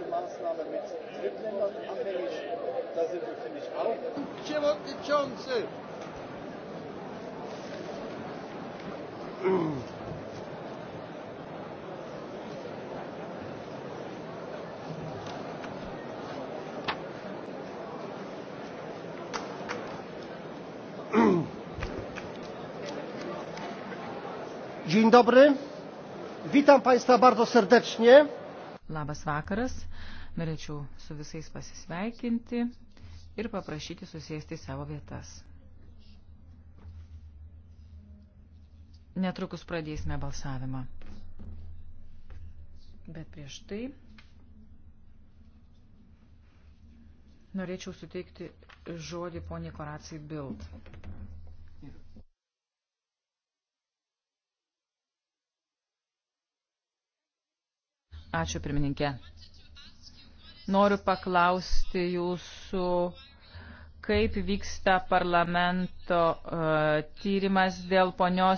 politische Maßnahme mit Drittländern abhängig. Da sind wir, finde ich, auch. Przewodniczący! Dzień dobry. Witam Państwa bardzo serdecznie. Labas vakaras. Norėčiau su visais pasisveikinti ir paprašyti susėsti į savo vietas. Netrukus pradėsime balsavimą. Bet prieš tai norėčiau suteikti žodį poniai Koracijai Bild. Ačiū pirmininkė. Noriu paklausti jūsų, kaip vyksta parlamento uh, tyrimas dėl ponios